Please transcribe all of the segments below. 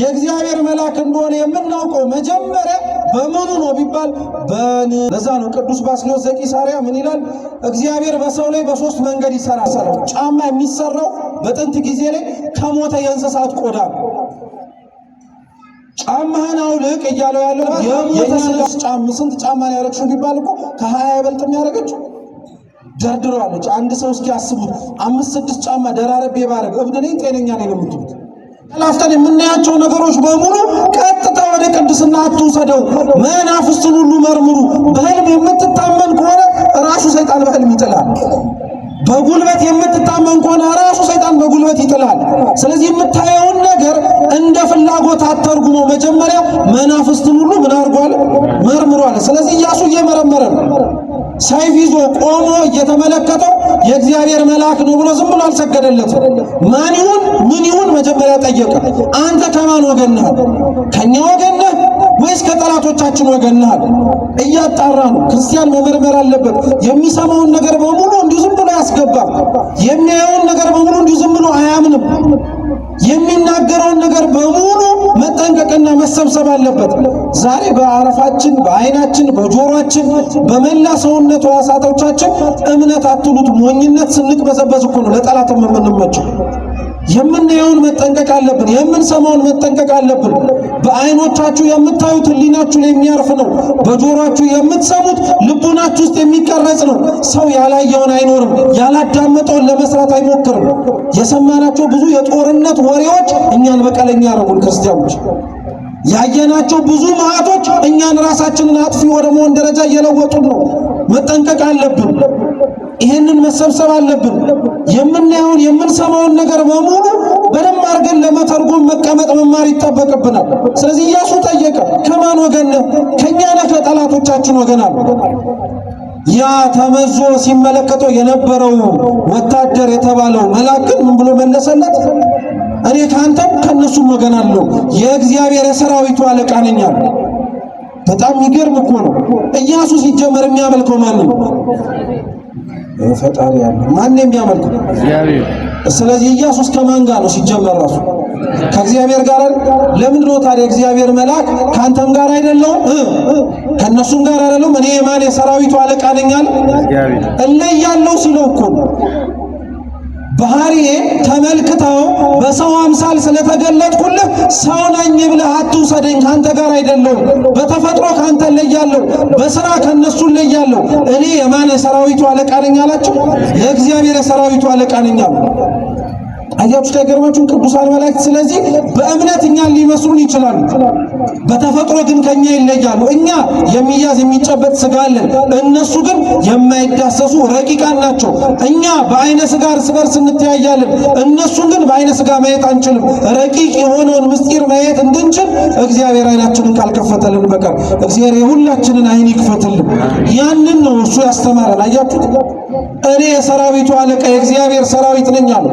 የእግዚአብሔር መልአክ እንደሆነ የምናውቀው መጀመሪያ በምኑ ነው ቢባል በን ለዛ ነው ቅዱስ ባስልዮስ ዘቂሳርያ ምን ይላል? እግዚአብሔር በሰው ላይ በሶስት መንገድ ይሰራ ጫማ የሚሰራው በጥንት ጊዜ ላይ ከሞተ የእንስሳት ቆዳ ጫማህን አውልቅ እያለው ያለው የሞተ ጫማ። ስንት ጫማ ነው ያረግሽው ቢባል እኮ ከሀያ አይበልጥ የሚያደርገችው ደርድረዋለች። አንድ ሰው እስኪ አስቡት፣ አምስት ስድስት ጫማ ደራረቤ ባረግ እብድ ነኝ ጤነኛ ነኝ ነው የምትሉት ተላፍተን የምናያቸው ነገሮች በሙሉ ቀጥታ ወደ ቅድስና አትውሰደው። መናፍስትን ሁሉ መርምሩ። በህልም የምትታመን ከሆነ ራሱ ሰይጣን በህልም ይጥላል። በጉልበት የምትታመን ከሆነ ራሱ ሰይጣን በጉልበት ይጥላል። ስለዚህ የምታየውን ነገር እንደ ፍላጎት አተርጉሞ መጀመሪያ መናፍስትን ሁሉ ምን አድርጓል? መርምሯል። ስለዚህ እየመረመረ ነው። ሰይፍ ይዞ ቆሞ እየተመለከተው የእግዚአብሔር መልአክ ነው ብሎ ዝም ብሎ አልሰገደለትም። ማን ይሁን ምን ይሁን መጀመሪያ ጠየቀ። አንተ ከማን ወገን ነህ? ከእኛ ወገን ነህ ወይስ ከጠላቶቻችን ወገን ነህ? እያጣራ ነው። ክርስቲያን መመርመር አለበት። የሚሰማውን ነገር በሙሉ እንዲሁ ዝም ብሎ አያስገባም። የሚያየውን ነገር በሙሉ እንዲሁ ዝም ብሎ አያምንም። የሚናገረውን ነገር በሙሉ መሰብሰብ አለበት። ዛሬ በአረፋችን፣ በአይናችን፣ በጆሮአችን፣ በመላ ሰውነት ሕዋሳቶቻችን እምነት አትሉት ሞኝነት ስንቅበዘበዝ እኮ ነው ለጠላት የምንመቸው። የምናየውን መጠንቀቅ አለብን። የምንሰማውን መጠንቀቅ አለብን። በአይኖቻችሁ የምታዩት ህሊናችሁ ላይ የሚያርፍ ነው። በጆሮአችሁ የምትሰሙት ልቡናችሁ ውስጥ የሚቀረጽ ነው። ሰው ያላየውን አይኖርም፣ ያላዳመጠውን ለመስራት አይሞክርም። የሰማናቸው ብዙ የጦርነት ወሬዎች እኛን በቀለኛ ያረጉን ክርስቲያኖች ያየናቸው ብዙ መዓቶች እኛን ራሳችንን አጥፊ ወደ መሆን ደረጃ እየለወጡን ነው። መጠንቀቅ አለብን። ይህንን መሰብሰብ አለብን። የምናየውን የምንሰማውን ነገር በሙሉ በደንብ አድርገን ለመተርጎም መቀመጥ መማር ይጠበቅብናል። ስለዚህ ኢያሱ ጠየቀ፣ ከማን ወገን ነህ? ከእኛ ነህ? ከጠላቶቻችን ወገን አሉ። ያ ተመዞ ሲመለከተው የነበረው ወታደር የተባለው መላክን ምን ብሎ መለሰለት? እኔ ከአንተም ከእነሱም ወገን አለው የእግዚአብሔር የሰራዊቱ አለቃ ነኝ አለ። በጣም የሚገርም እኮ ነው። ኢያሱ ሲጀመር የሚያመልከው ማን ነው? ፈጣሪ ያለ ማን የሚያመልከው? ስለዚህ ኢያሱስ ከማን ጋር ነው ሲጀመር? ራሱ ከእግዚአብሔር ጋር አይደል? ለምን ነው ታዲያ እግዚአብሔር መልአክ ከአንተም ጋር አይደለው? ከእነሱም ጋር አይደለም? እኔ የማን የሰራዊቱ አለቃ ነኝ አለ። እለያለሁ ሲለው እኮ ነው ባህሪ ተመልክተው በሰው አምሳል ስለተገለጥኩልህ ሰው ነኝ ብለህ አትውሰደኝ። ከአንተ ጋር አይደለሁም። በተፈጥሮ ከአንተ እለያለሁ፣ በስራ ከእነሱ እለያለሁ። እኔ የማን የሰራዊቱ አለቃ ነኝ አላቸው። የእግዚአብሔር የሰራዊቱ አለቃ ነኝ አሉ። አያችሁ ከገርማችሁ ቅዱሳን መላእክት። ስለዚህ በእምነት እኛን ሊመስሉን ይችላሉ፣ በተፈጥሮ ግን ከኛ ይለያሉ። እኛ የሚያዝ የሚጨበጥ ስጋ አለን፣ እነሱ ግን የማይዳሰሱ ረቂቃን ናቸው። እኛ በአይነ ስጋ እርስ በርስ እንተያያለን፣ እነሱን ግን በአይነ ስጋ ማየት አንችልም። ረቂቅ የሆነውን ምስጢር ማየት እንድንችል እግዚአብሔር አይናችንን ካልከፈተልን በቀር እግዚአብሔር የሁላችንን አይን ይክፈትልን። ያንን ነው እሱ ያስተማረን። አያችሁት፣ እኔ የሰራዊቱ አለቃ የእግዚአብሔር ሰራዊት ነኝ አለ።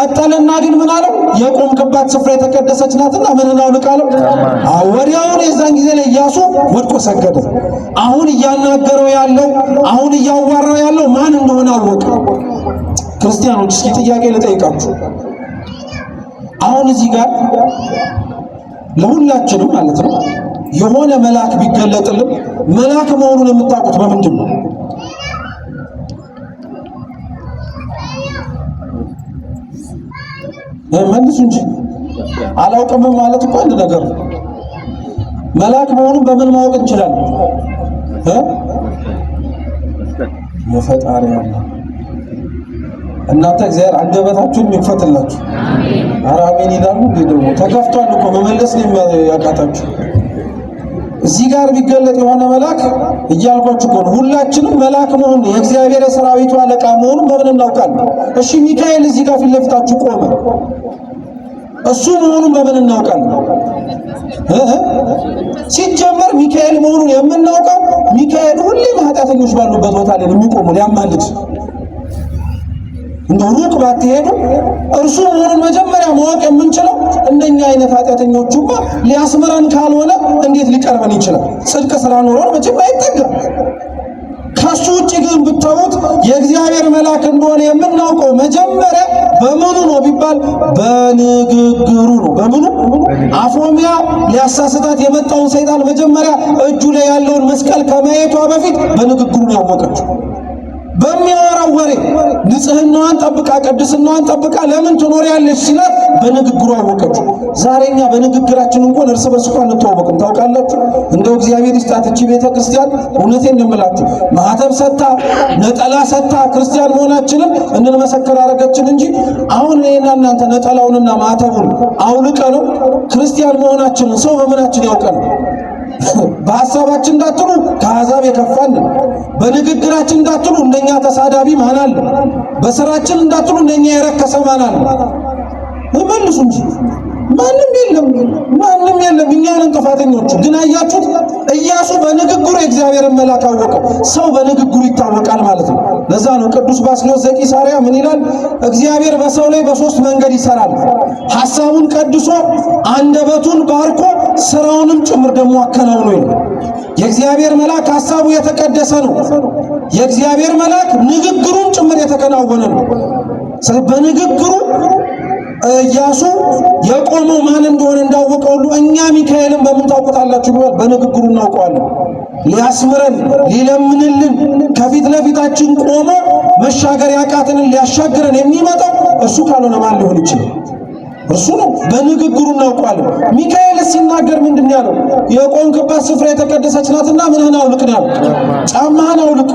ቀጠልና ግን ምን አለው? የቆምክባት ስፍራ የተቀደሰች ናትና ምን እናውልቅ አለው። ወዲያውኑ የዛን ጊዜ ላይ እያሱ ወድቆ ሰገደ። አሁን እያናገረው ያለው አሁን እያዋራው ያለው ማን እንደሆነ አወቀ። ክርስቲያኖች እስኪ ጥያቄ ልጠይቃችሁ። አሁን እዚህ ጋር ለሁላችንም ማለት ነው የሆነ መልአክ ቢገለጥልን መልአክ መሆኑን የምታውቁት በምንድን ነው? መልሱ እንጂ አላውቅም ማለት እኮ አንድ ነገር ነው። መልአክ መሆኑን በምን ማወቅ እንችላለን? የፈጣሪ ያለ እናንተ እግዚአብሔር አንደበታችሁን የሚፈትላችሁ ኧረ አሜን ይላሉ እንዴ? ደግሞ ተከፍቷል እኮ መመለስ ነው ያቃታችሁ። እዚህ ጋር ቢገለጥ የሆነ መልአክ እያልኳችሁ እኮ ነው። ሁላችንም መልአክ መሆኑ የእግዚአብሔር የሰራዊቱ አለቃ መሆኑን በምን እናውቃለን? እሺ ሚካኤል እዚህ ጋር ፊት ለፊታችሁ ቆመ። እሱ መሆኑን በምን እናውቃለን? ሲጀመር ሚካኤል መሆኑን የምናውቀው ሚካኤል ሁሌም ኃጢአተኞች ባሉበት ቦታ ላይ የሚቆሙ ሊያማልድ እንደ ሩቅ ባትሄዱ እርሱ መሆኑን መጀመሪያ ማወቅ የምንችለው እንደኛ አይነት ኃጢአተኞቹማ ሊያስምረን ካልሆነ እንዴት ሊቀርበን ይችላል? ጽድቅ ስላኖረን መቼም አይጠጋም። ከሱ ውጭ ግን ብታዩት የእግዚአብሔር መልአክ እንደሆነ የምናውቀው መጀመሪያ በምኑ ሲባል በንግግሩ ነው። በምኑ አፎሚያ ሊያሳስታት የመጣውን ሰይጣን መጀመሪያ እጁ ላይ ያለውን መስቀል ከማየቷ በፊት በንግግሩ ነው ያወቀችው። በሚያወራው ወሬ ንጽህናዋን ጠብቃ ቅድስናዋን ጠብቃ ለምን ትኖሪያለሽ ሲላት በንግግሩ አወቀችው። ዛሬኛ በንግግራችን እንኳን እርስ በርስ እንኳን እንተዋወቅም። ታውቃላችሁ እንደው እግዚአብሔር ይስጣት እቺ ቤተ ክርስቲያን። እውነቴን እንምላችሁ ማህተብ ሰታ ነጠላ ሰታ ክርስቲያን መሆናችንን እንንመሰከር አረገችን እንጂ አሁን እኔና እናንተ ነጠላውንና ማህተቡን አውልቀ ነው ክርስቲያን መሆናችንን ሰው በምናችን ያውቀ ነው በሀሳባችን እንዳትሉ ከአሕዛብ የከፋን፣ በንግግራችን እንዳትሉ እንደኛ ተሳዳቢ ማናል፣ በስራችን እንዳትሉ እንደኛ የረከሰ ማናል። መልሱ እንጂ ማንም የለም፣ ማንም የለም። ጥፋተኞቹ ግን አያችሁት፣ እያሱ በንግግሩ የእግዚአብሔርን መልአክ አወቀው። ሰው በንግግሩ ይታወቃል ማለት ነው። ለዛ ነው ቅዱስ ባስልዮስ ዘቂሳርያ ምን ይላል? እግዚአብሔር በሰው ላይ በሶስት መንገድ ይሰራል። ሐሳቡን ቀድሶ፣ አንደበቱን ባርኮ፣ ስራውንም ጭምር ደግሞ አከናውኖ ነው። የእግዚአብሔር መልአክ ሐሳቡ የተቀደሰ ነው። የእግዚአብሔር መልአክ ንግግሩን ጭምር የተከናወነ ነው። በንግግሩ ኢያሱ የቆመው ማን እንደሆነ እንዳወቀ ሁሉ እኛ ሚካኤልን በምን ታውቁታላችሁ? ቢሆን በንግግሩ እናውቀዋለን። ሊያስምረን ሊለምንልን ከፊት ለፊታችን ቆሞ መሻገር ያቃተንን ሊያሻግረን የሚመጣው እሱ ካልሆነ ማን ሊሆን ይችላል? እሱ ነው። በንግግሩ እናውቀዋለን። ሚካኤል ሲናገር ምንድን ያለው? የቆምክባት ስፍራ የተቀደሰች ናትና ምንህን አውልቅ ነው ያለው። ጫማህን አውልቅ።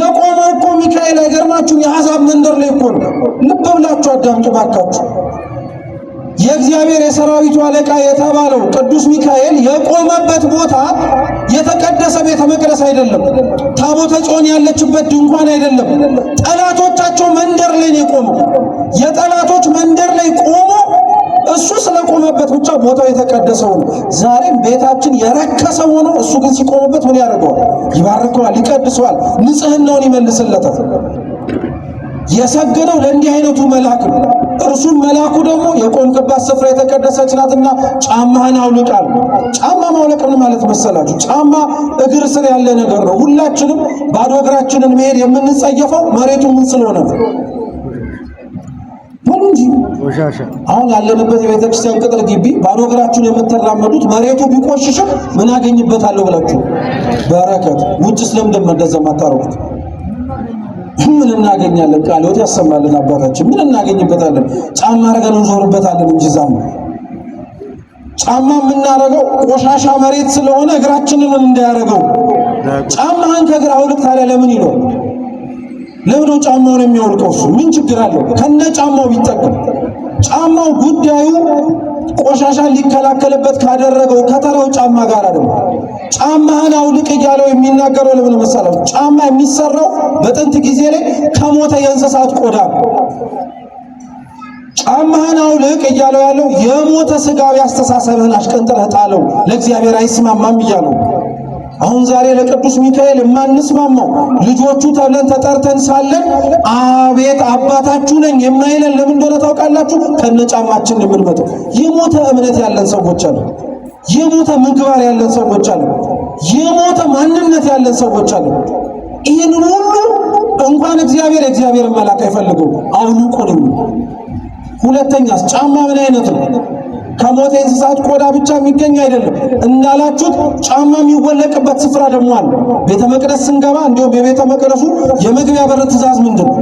የቆመው እኮ ሚካኤል አይገርማችሁም? የአሕዛብ መንደር ላይ እኮ ነው። ልብ ብላችሁ አዳምጡ ባካችሁ። የእግዚአብሔር የሰራዊቱ አለቃ የተባለው ቅዱስ ሚካኤል የቆመበት ቦታ የተቀደሰ ቤተ መቅደስ አይደለም። ታቦተ ጽዮን ያለችበት ድንኳን አይደለም። ጠላቶቻቸው መንደር ላይ ነው የቆመው። የጠላቶች መንደር ላይ ቆሞ እሱ ስለቆመበት ብቻ ቦታው የተቀደሰው ነው። ዛሬም ቤታችን የረከሰ ሆኖ እሱ ግን ሲቆምበት ምን ያደርገዋል? ይባርከዋል፣ ይቀድሰዋል፣ ንጽህናውን ይመልስለታል። የሰገደው ለእንዲህ አይነቱ መልአክ ነው። እርሱም መልአኩ ደግሞ የቆምክባት ስፍራ የተቀደሰች ናትና ጫማህን አውልቃል። ጫማ ማውለቅ ምን ማለት መሰላችሁ? ጫማ እግር ስር ያለ ነገር ነው። ሁላችንም ባዶ እግራችንን መሄድ የምንጸየፈው መሬቱ ምን ስለሆነ ነው አሁን ያለንበት የቤተክርስቲያን ቅጥር ግቢ ባዶ እግራችሁን የምትራመዱት መሬቱ ቢቆሽሽም ምን አገኝበታለሁ ብላችሁ በረከት። ውጭ ስለምንድን ነው እንደዛ ምን እናገኛለን? ቃለ ሕይወት ያሰማልን አባታችን። ምን እናገኝበታለን? ጫማ አድርገን እንዞርበታለን እንጂ ዛም ጫማ የምናደርገው ቆሻሻ መሬት ስለሆነ እግራችንን እንዳያደርገው። ጫማህን ከእግር አውልቅ ታዲያ ለምን ይሏል? ለምን ጫማውን የሚያወልቀው እሱ ምን ችግር አለው? ከነ ጫማው ቢጠቀም ጫማው ጉዳዩ ቆሻሻ ሊከላከልበት ካደረገው ከተራው ጫማ ጋር አይደለም። ጫማህን አውልቅ እያለው የሚናገረው ለምን መሰላችሁ? ጫማ የሚሰራው በጥንት ጊዜ ላይ ከሞተ የእንስሳት ቆዳ ነው። ጫማህን አውልቅ እያለው ያለው የሞተ ስጋዊ አስተሳሰብህን አሽቀንጥረህ ጣለው፣ ለእግዚአብሔር አይስማማም እያለው አሁን ዛሬ ለቅዱስ ሚካኤል የማንስማማው ልጆቹ ተብለን ተጠርተን ሳለን አቤት አባታችሁ ነኝ የማይለን ለምን እንደሆነ ታውቃላችሁ? ከነጫማችን የምንመጣው የሞተ እምነት ያለን ሰዎች አሉ። የሞተ ምግባር ያለን ሰዎች አሉ። የሞተ ማንነት ያለን ሰዎች አሉ። ይህን ሁሉ እንኳን እግዚአብሔር እግዚአብሔርን መላክ አይፈልገው አውልቁንም። ሁለተኛስ ጫማ ምን አይነት ነው? ከሞተ እንስሳት ቆዳ ብቻ የሚገኝ አይደለም። እንዳላችሁት ጫማ የሚወለቅበት ስፍራ ደግሞ አለ። ቤተ መቅደስ ስንገባ እንዲሁም የቤተ መቅደሱ የመግቢያ በር ትእዛዝ ምንድን ነው?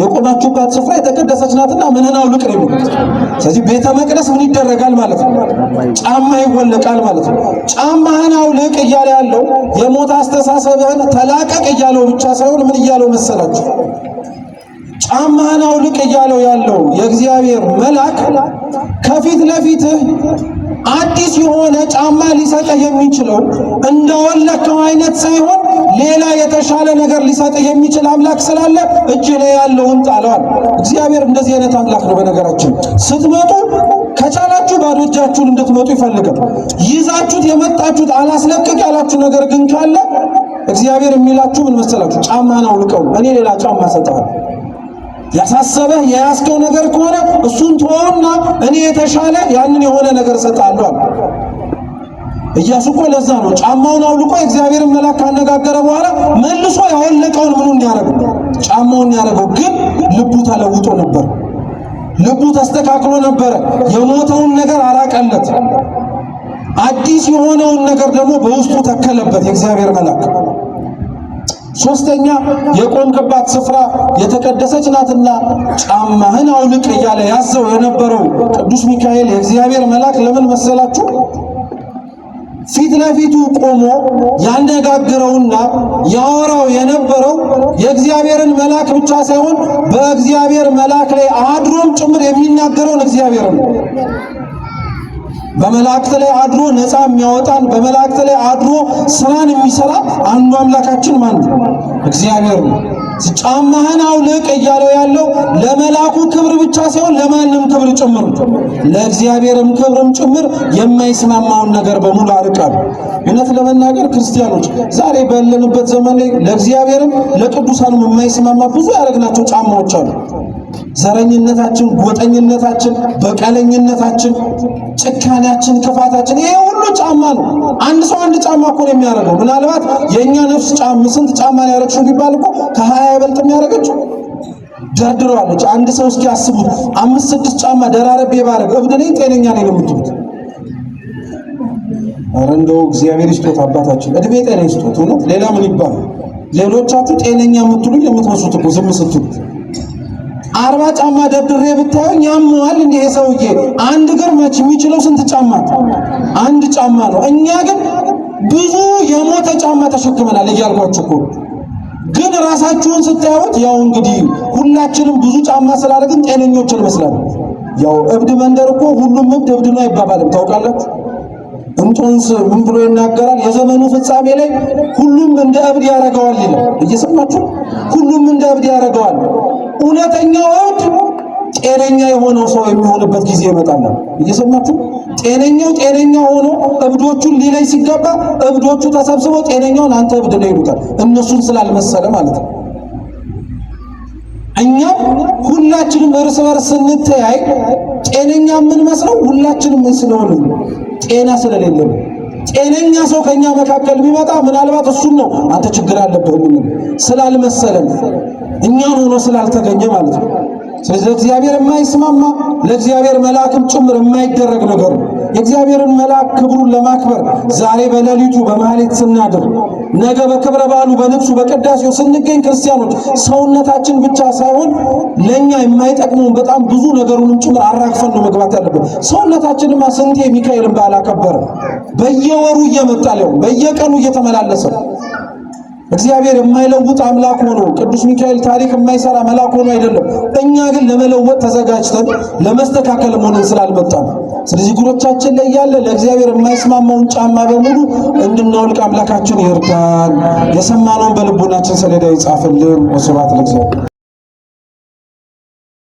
የቆማችሁባት ስፍራ የተቀደሰች ናትና ምንህን አውልቅ ነው የሚሉት። ስለዚህ ቤተ መቅደስ ምን ይደረጋል ማለት ነው? ጫማ ይወለቃል ማለት ነው። ጫማህን አውልቅ እያለ ያለው የሞት አስተሳሰብህን ተላቀቅ እያለው ብቻ ሳይሆን ምን እያለው መሰላችሁ ጫማህን አውልቅ እያለው ያለው የእግዚአብሔር መልአክ ከፊት ለፊትህ አዲስ የሆነ ጫማ ሊሰጥህ የሚችለው እንደወለከው አይነት ሳይሆን ሌላ የተሻለ ነገር ሊሰጥህ የሚችል አምላክ ስላለ እጅ ላይ ያለውን ጣለዋል። እግዚአብሔር እንደዚህ አይነት አምላክ ነው። በነገራችን ስትመጡ ከቻላችሁ ባዶ እጃችሁን እንድትመጡ ይፈልጋል። ይዛችሁት የመጣችሁት አላስለቅቅ ያላችሁ ነገር ግን ካለ እግዚአብሔር የሚላችሁ ምን መሰላችሁ? ጫማ ነው አውልቀው፣ እኔ ሌላ ጫማ ሰጠዋል ያሳሰበህ የያዝከው ነገር ከሆነ እሱን ተወውና እኔ የተሻለ ያንን የሆነ ነገር እሰጥሃለሁ። እያሱ እኮ ለዛ ነው ጫማውን አውልቆ እግዚአብሔርን መልአክ ካነጋገረ በኋላ መልሶ ያወለቀውን ምኑ እንዲያደርገው ጫማውን ያደረገው፣ ግን ልቡ ተለውጦ ነበር። ልቡ ተስተካክሎ ነበረ። የሞተውን ነገር አራቀለት፣ አዲስ የሆነውን ነገር ደግሞ በውስጡ ተከለበት የእግዚአብሔር መልአክ ሶስተኛ የቆምክባት ስፍራ የተቀደሰች ናትና ጫማህን አውልቅ እያለ ያዘው የነበረው ቅዱስ ሚካኤል የእግዚአብሔር መልአክ ለምን መሰላችሁ? ፊት ለፊቱ ቆሞ ያነጋግረውና ያወራው የነበረው የእግዚአብሔርን መልአክ ብቻ ሳይሆን በእግዚአብሔር መልአክ ላይ አድሮም ጭምር የሚናገረውን እግዚአብሔር ነው። በመላእክት ላይ አድሮ ነፃ የሚያወጣን በመላእክት ላይ አድሮ ስራን የሚሰራ አንዱ አምላካችን ማን ነው? እግዚአብሔር ነው። ጫማህን አውልቅ እያለው ያለው ለመላኩ ክብር ብቻ ሳይሆን ለማንም ክብር ጭምር ለእግዚአብሔርም ክብርም ጭምር የማይስማማውን ነገር በሙሉ አርቃል። እውነት ለመናገር ክርስቲያኖች ዛሬ ባለንበት ዘመን ላይ ለእግዚአብሔርም ለቅዱሳንም የማይስማማ ብዙ ያደረግናቸው ጫማዎች አሉ። ዘረኝነታችን፣ ጎጠኝነታችን፣ በቀለኝነታችን፣ ጭካኔያችን፣ ክፋታችን ይሄ ሁሉ ጫማ ነው። አንድ ሰው አንድ ጫማ እኮ ነው የሚያደርገው። ምናልባት የእኛ ነፍስ ጫማ ስንት ጫማ ነው ያደረግሽው ቢባል እኮ ከሀያ ይበልጥ የሚያደርገችው ደርድረዋለች። አንድ ሰው እስኪ አስቡት፣ አምስት ስድስት ጫማ ደራረቤ ባረግ እብድ ነኝ ጤነኛ ነኝ ነው የምትሉት። ኧረ እንደው እግዚአብሔር ይስጦት አባታችን እድሜ ጤና ይስጦት። እውነት ሌላ ምን ይባላል? ሌሎቻችሁ ጤነኛ የምትሉኝ የምትመስሉት እኮ ዝም ስትሉት አርባ ጫማ ደብድሬ ብታየኝ ያመዋል። እንደ ይሄ ሰውዬ አንድ እግር መች የሚችለው ስንት ጫማ? አንድ ጫማ ነው። እኛ ግን ብዙ የሞተ ጫማ ተሸክመናል። እያልኳችሁ እኮ ግን ራሳችሁን ስታዩት፣ ያው እንግዲህ ሁላችንም ብዙ ጫማ ስላደረግን ጤነኞች እንመስላለን። ያው እብድ መንደር እኮ ሁሉም እብድ እብድ ነው አይባባልም። ታውቃላችሁ እንጦንስ ምን ብሎ ይናገራል? የዘመኑ ፍጻሜ ላይ ሁሉም እንደ እብድ ያደርገዋል ይላል። እየሰማችሁ ሁሉም እንደ እብድ ያደርገዋል። እውነተኛው እብድ ጤነኛ የሆነው ሰው የሚሆንበት ጊዜ ይመጣል። እየሰማችሁ ጤነኛው ጤነኛ ሆኖ እብዶቹን ሊለይ ሲገባ እብዶቹ ተሰብስበው ጤነኛውን አንተ እብድ ነው ይሉታል። እነሱን ስላልመሰለ ማለት ነው። እኛም ሁላችንም እርስ በርስ ስንተያይ ጤነኛ የምንመስለው ሁላችንም ምን ስለሆነ ጤና ስለሌለን ጤነኛ ሰው ከኛ መካከል ቢመጣ ምናልባት እሱም ነው አንተ ችግር አለብህ ምንም ስላልመሰለን እኛን ሆኖ ስላልተገኘ ማለት ነው። ስለዚህ ለእግዚአብሔር የማይስማማ ለእግዚአብሔር መልአክም ጭምር የማይደረግ ነገር ነው። የእግዚአብሔርን መልአክ ክብሩን ለማክበር ዛሬ በሌሊቱ በማህሌት ስናድር፣ ነገ በክብረ በዓሉ በልብሱ በቅዳሴው ስንገኝ ክርስቲያኖች ሰውነታችን ብቻ ሳይሆን ለእኛ የማይጠቅመውን በጣም ብዙ ነገሩንም ጭምር አራግፈን ነው መግባት ያለብን። ሰውነታችንማ ስንቴ ሚካኤልን በዓል አከበረ። በየወሩ እየመጣ ሊሆን በየቀኑ እየተመላለሰ እግዚአብሔር የማይለውጥ አምላክ ሆኖ ቅዱስ ሚካኤል ታሪክ የማይሰራ መልአክ ሆኖ አይደለም። እኛ ግን ለመለወጥ ተዘጋጅተን ለመስተካከል መሆንን ስላልመጣ ነው። ስለዚህ እግሮቻችን ላይ ያለ ለእግዚአብሔር የማይስማማውን ጫማ በሙሉ እንድናወልቅ አምላካችን ይርዳን። የሰማነውን በልቦናችን ሰሌዳ ይጻፍልን። ወስብሐት ለእግዚአብሔር።